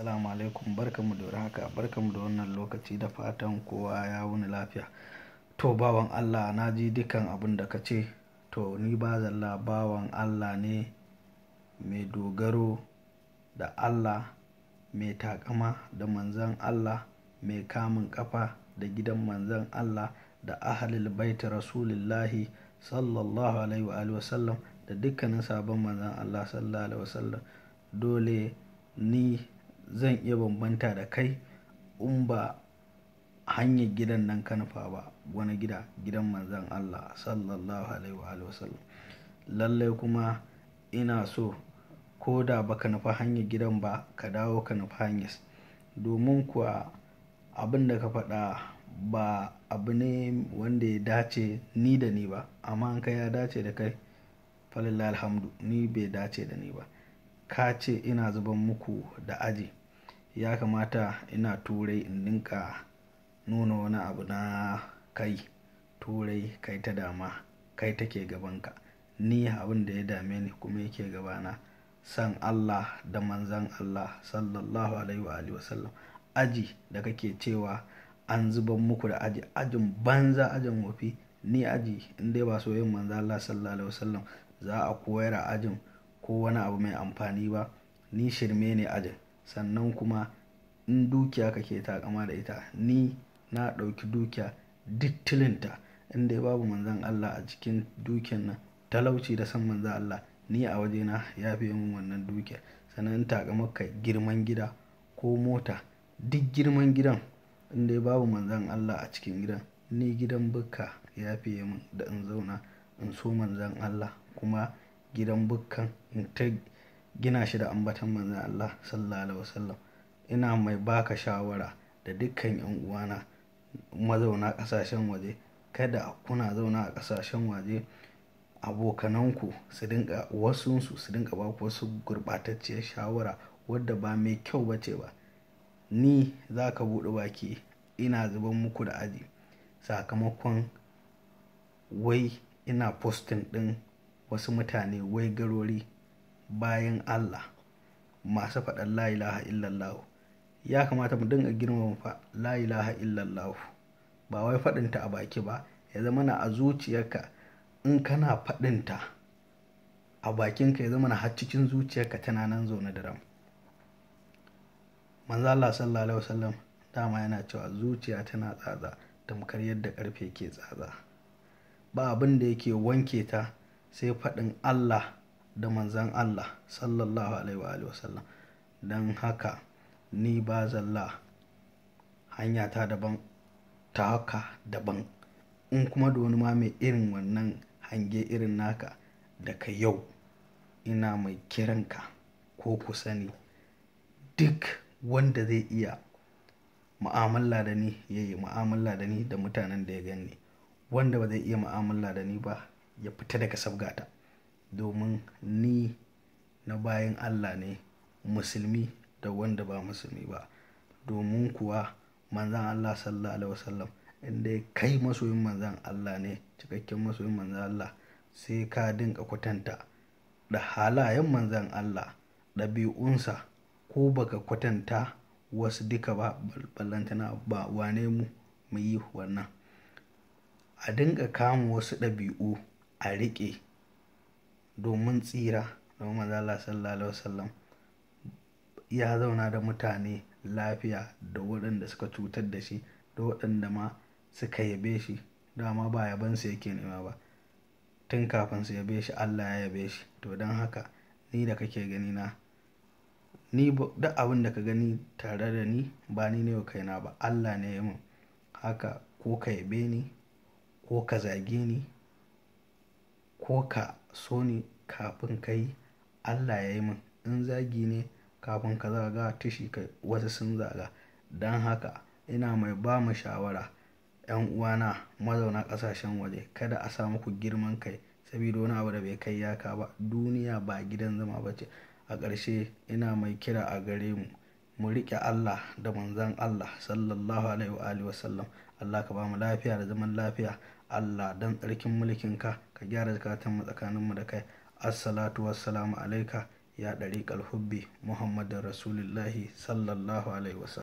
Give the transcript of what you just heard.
Assalamu alaikum barkamu da haka barkamu da wannan lokaci da fatan kowa ya wuni lafiya. To bawan Allah na ji dukan abin da ka ce, to ni ba zalla bawan Allah ne mai dogaro da Allah mai takama da manzan Allah mai kamun kafa da gidan manzan Allah da ahalil baita rasulillahi sallallahu alaihi wa sallam da dukkanin sabon manzan Allah sallallahu alaihi wa dole ni zan iya bambanta da kai in ba hanyar gidan nan ka nufa ba wani gida gidan manzon Allah sallallahu alaihi wa sallam lallai kuma ina so ko da baka nufa hanyar gidan ba ka dawo ka nufa hanyar domin kuwa abin da ka faɗa ba abu ne wanda ya dace ni da ni ba amma an ka ya dace da kai falilla alhamdu ni bai dace da ni ba ka ce ina zuban muku da aji ya kamata ina turai in dinka nuna wani abu na kai turai kai ta dama kai take gabanka ni abin da ya dame ni kuma yake gabana san Allah da manzan Allah sallallahu alaihi wa sallam aji da kake cewa an zuban muku da aji ajin banza ajin wafi ni aji in dai ba soyayyen manzan Allah sallallahu alaihi wasallam za a koyar a ajin ko wani abu mai amfani ba ni shirme ne ajin sannan kuma in dukiya kake takama da ita ni na ɗauki dukiya dittilinta inda in dai babu manzan Allah a cikin dukiyan nan talauci da san manzan Allah ni a wajena ya fi min wannan dukiya sannan takama ka girman gida ko mota duk girman gidan inda dai babu manzan Allah a cikin gidan ni gidan bukka ya fiye min da in zauna in so manzan Allah kuma gidan bukkan in ta gina shi da ambatan manzan Allah sallallahu alaihi ina mai baka shawara da dukkan yan uwana mazauna kasashen waje kada kuna zauna a kasashen waje abokananku su dinka wasu su dinka ba ku wasu gurɓatacciyar shawara wadda ba mai kyau ba ce ba ni za ka buɗe baki ina zuban muku da aji sakamakon wai ina postin ɗin wasu mutane wai garori bayan Allah masu faɗan la ilaha illallah ya kamata mu dinga girmama fa la ilaha illallah ba wai faɗinta a baki ba ya zama na a zuciyarka in kana faɗinta a bakinka ya zama na har cikin zuciyarka tana nan zaune da ram manzo Allah sallallahu alaihi wasallam dama yana cewa zuciya tana tsatsa tamkar yadda karfe ke tsatsa ba abin da yake wanke ta sai faɗin Allah da manzan Allah sallallahu alaihi don haka ni ba zalla hanyata ta daban ta haka daban in kuma da wani ma mai irin wannan hange irin naka daga yau ina mai kiranka ko ku sani duk wanda zai iya mu'amala da ni ya yi mu'amala da ni da mutanen da ya gani wanda ba zai iya mu'amala da ni ba ya fita daga sabgata. domin ni na bayan Allah ne musulmi da wanda ba musulmi ba domin kuwa manzan Allah sallallahu alaihi wasallam inda kai masoyin manzan Allah ne cikakken masoyin manzan Allah sai ka dinka kwatanta da halayen manzan Allah ɗabi'unsa ko baka kwatanta wasu duka ba ballantana ba wane mu mu yi wannan a dinga kama wasu ɗabi'u a riƙe domin tsira domin manzala sallallahu alaihi wasallam ya zauna da mutane lafiya da waɗanda suka cutar da shi da waɗanda ma suka yabe shi dama ba yabansa yake nema ba tun kafin su yabe shi allah ya yabe shi to don haka ni da kake gani na ni duk abin da ka gani tare da ni ba ni ne kai na ba allah ne ya mun haka ko ka yabe ni ko ka zage ni ko ka so ne kafin ka yi Allah ya yi min in zagi ne kafin ka zaga tashi kai wasu sun zaga don haka ina mai ba mu shawara 'yan uwana mazauna ƙasashen waje kada a sa muku girman kai saboda wani abu da bai kai yaka ba duniya ba gidan zama ba ce a ƙarshe ina mai kira a gare mu mu riƙe Allah da manzan Allah sallallahu alaihi wa sallam Allah ka ba mu lafiya da zaman lafiya Allah don tsarkin mulkinka ka gyara zakatan mu tsakaninmu da kai assalatu wassalamu alaika ya ɗariƙar hubbi muhammadin rasulullahi sallallahu alaihi wasallam